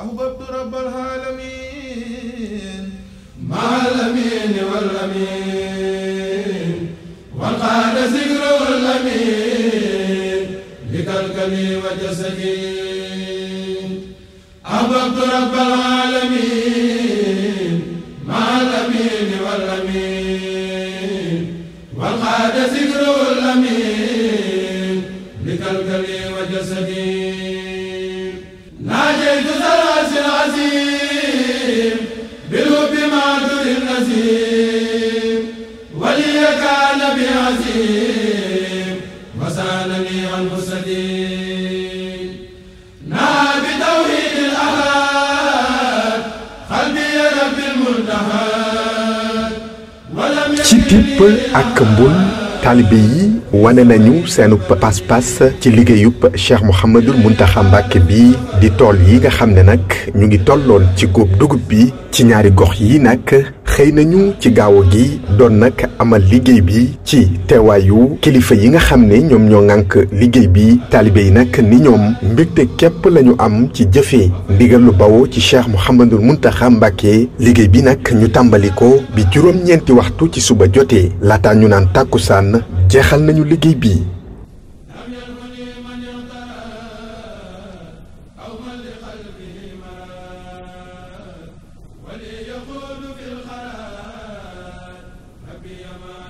أحببت رب العالمين مع الأمين والأمين والقاد ذكر الأمين لكلكلي وجسدي أحببت رب العالمين مع الأمين والأمين والقاد ذكر الأمين لكلكلي وجسدي ناجيت ثلاث العزيم بالوب ما دور النزيم ولي كان بعزيم وسالني عن سديد نا بتوحيد الأحد قلبي رب المنتهى ولم يكن ci people ak mbon talibé yi wane nañu seenu pas-pas ci liggéeyub Cheikh Mouhamadul Mountakha Mbacké bi di tool yi nga xam ne nag ñu ngi tolloon ci góob dugub bi ci ñaari gox yi nag xëy nañu ci gaaw gi doon nag amal liggéey bi ci teewaayu kilifa yi nga xam ne ñoom ñoo ŋànk liggéey bi taalibe yi nag ni ñoom mbégte képp lañu am ci jëfee ndigal lu bawoo ci mu Mouhamadul Mountakha Mbacké liggéey bi nag ñu tàmbali ko bi juróom-ñeenti waxtu ci suba jote laata ñu naan tàkku sànn jeexal nañu liggéey bi. وليقول في الخراب ربي يمان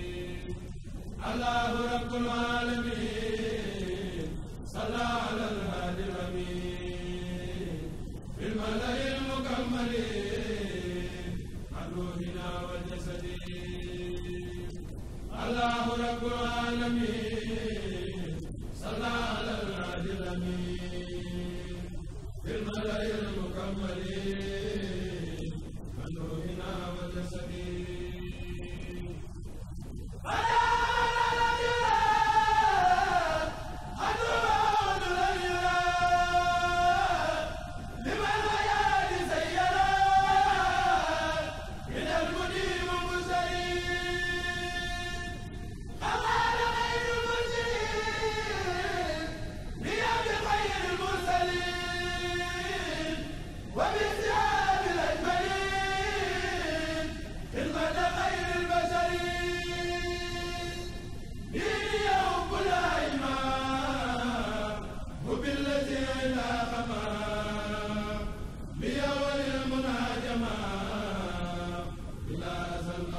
allahu rabbul alamin salla ala alhadi alamin bil malai al mukammalin aruhina wa jasadi allahu rabbul alamin salla ala alhadi alamin bil malai al mukammalin aruhina wa jasadi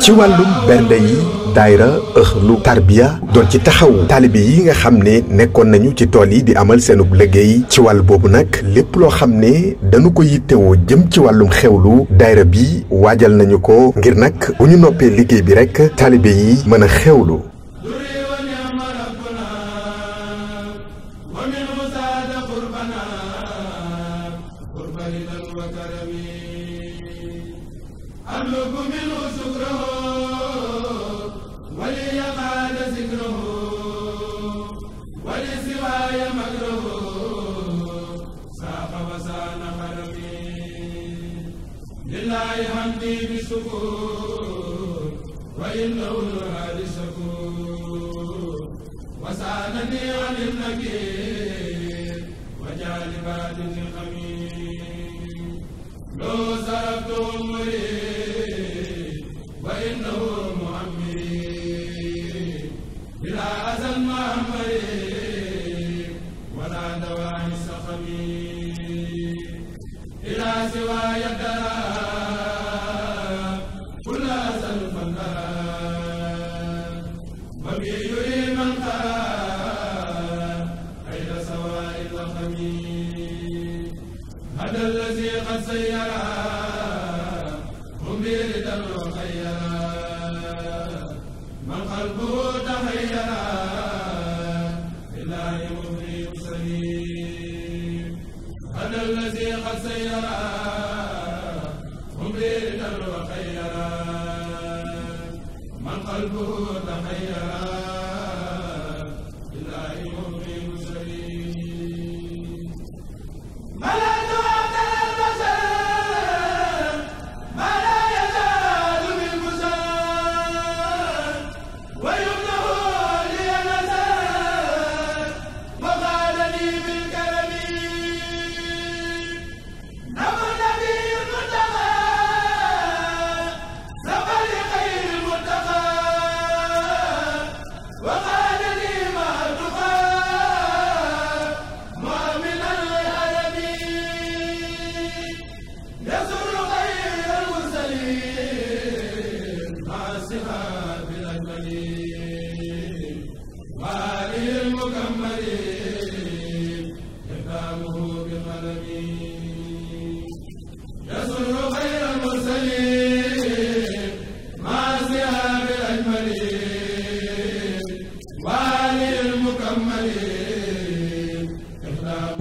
ci wàllum bernde yi daayra Ëxlu Tarbiya doon ci taxawu taalibe yi nga xam ne nekkoon nañu ci tool yi di amal seenub liggéey ci wàll boobu nag lépp loo xam ne dañu ko yittewoo jëm ci wàllum xewlu daayra bi waajal nañu ko ngir nag bu ñu noppee liggéey bi rekk taalibe yi mën a xewlu أملك منه شكره ولي قال ذكره ولسواي مكره ساق وسان قلبي لله حمدي بالشكور وإنه الهادي شكور وسانني عن النكير سيرا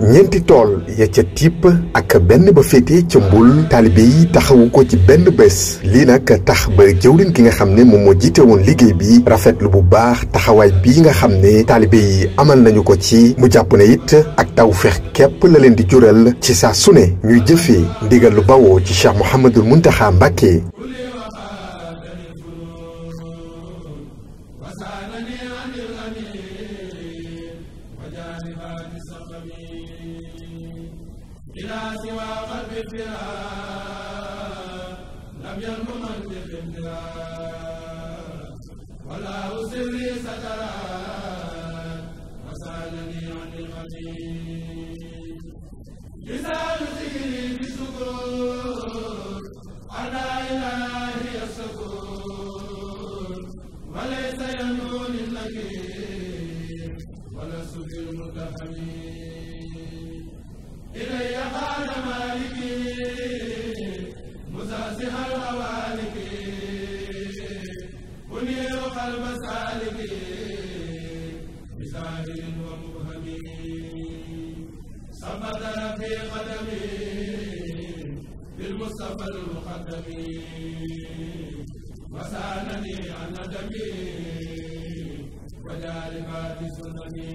ñenti tool ya ca tipp ak benn ba féete ca mbul taalibe yi taxawu ko ci benn bés lii nag tax ba jëwriñ ki nga xam ni moom moo jiite woon liggéey bi rafetlu bu baax taxawaay bii nga xam ne taalibe yi amal nañu ko ci mu jàpp ne it ak tawfeex képp la leen di jural ci saa su ne ñuy jëfee ndigal lu bawoo ci Cheikh Mouhamadul Mountakha Mbacké جانبات الصخب إلى سوى قلب الفراق لم يلم منطق الفراق ولا سري سترات وسالني عن الخطيب لسان ذكري بالسكوت على إلهي السكوت وليس ينون النكير ولست بالمتهم إلي قال مالكي مساسح الهوالك أنير قلب سالك بساهل ومبهم ثبت في قدمي بالمصطفى المقدم وسالني عن ندمي وجاربات سنتي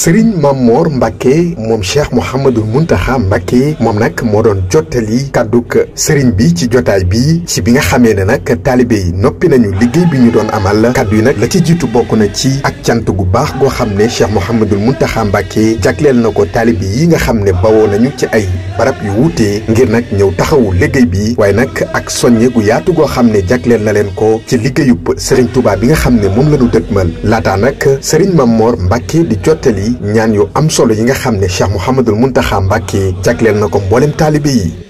sëriñ Mamor Mbacke moom Cheikh Mouhamadul Mountakha Mbacke moom nag moo doon jottali kàdduk sëriñ bi ci jotaay bi ci bi nga xamee ne nag taalibe yi noppi nañu liggéey bi ñu doon amal kàddu yi nag la ci jiitu bokk na ci ak cant gu baax goo xam ne Cheikh Mouhamadul Mountakha Mbacke jagleel na ko taalibe yi nga xam ne bawoo nañu ci ay barab yu wuutee ngir nag ñëw taxawu liggéey bi waaye nag ak soññe gu yaatu goo xam ne jagleel na leen ko ci liggéeyub Serigne tubaab bi nga xam ne moom la ñu dëgmal laataa nag Serigne Mamor Mbacke di jottali ñaan yu am solo yi nga xam ne Cheikh Mouhamadul Mountakha Mbacke jagleel na ko mboolem taalibe yi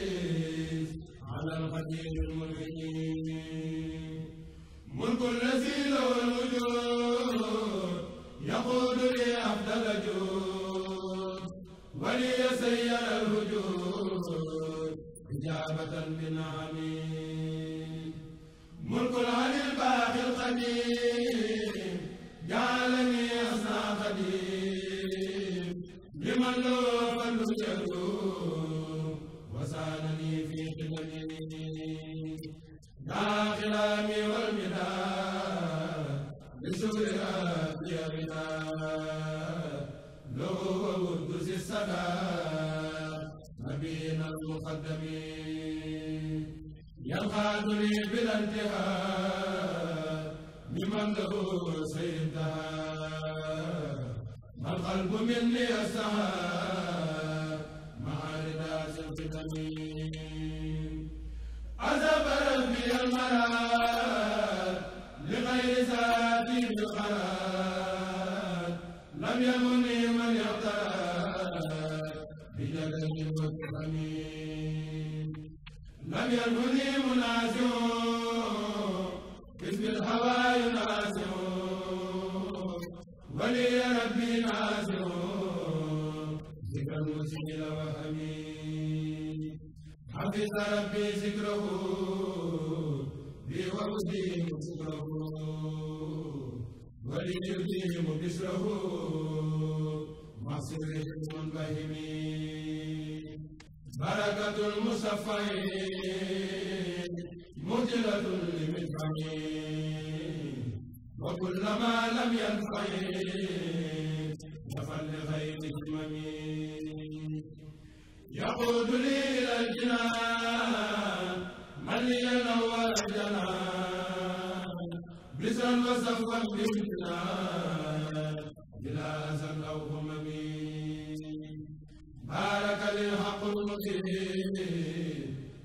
لمن له سيدا ما القلب مني أسعى مع رداء القدم عذب ربي المراد لغير ذاتي القرار لم يمني من يقتاد بجلد وكرم لم يلهني منازع الفهم بركة المصفين مجلة لمدحه وكل ما لم ينفه نفى لغير همم يقود لي إلى الجنان من لي نور الجنان بسرا وسفا بالجنان بلا أزل أو همم هلك للحق المبين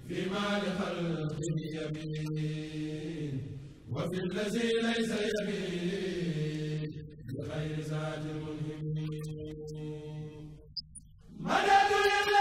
فيما لخلقه يمين وفي الذي ليس يمين بغير ذات ملهم مدد لله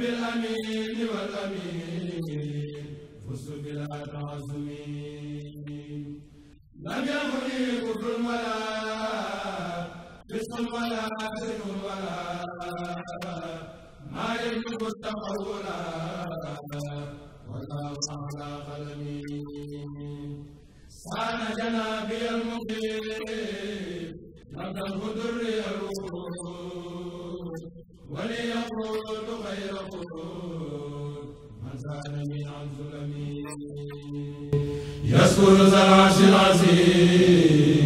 بالأمين والأمين فزت بلا تعظم لم يغني كفر ولا فسق ولا سن ولا ما يملك التقول والله على قلمي صان جنابي المقيم لم تنه دري الروح وليقول غير قول من زاد من عن ظلمي يذكر ذا العرش العظيم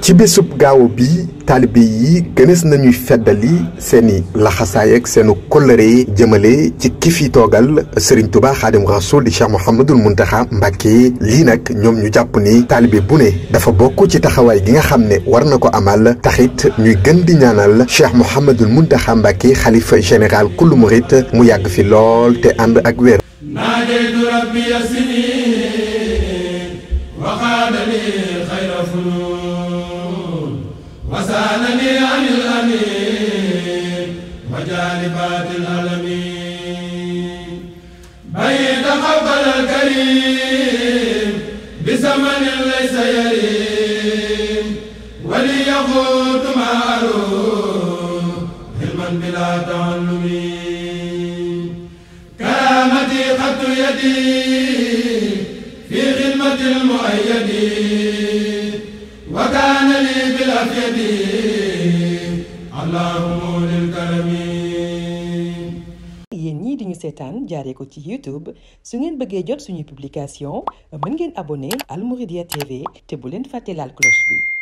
ci bésub gaaw bi taalibe yi gënees nañuy feddali seeni laxasaay ak seenu kóllëre yi jëmale ci ki fi toogal Serigne Touba Xaadim Rasul di Cheikh Mouhamadul Mountakha Mbacké lii nag ñoom ñu jàpp ni taalibe bu ne dafa bokk ci taxawaay gi nga xam ne war na ko amal taxit ñuy gën di ñaanal Cheikh Mouhamadul Mountakha Mbacké xalifa général kullu mu yàgg fi lool te ànd ak wér. يريم بزمن ليس يريم وليغوت معروف علما بلا تعلم كرامتي خط يدي في خدمة المؤيد وكان لي بالأفيد على رمول الكرم seetaan jaaree ko ci YouTube su ngeen bëggee jot suñuy publication mën ngeen abonné Al TV te bu leen fàtte laal cloche bi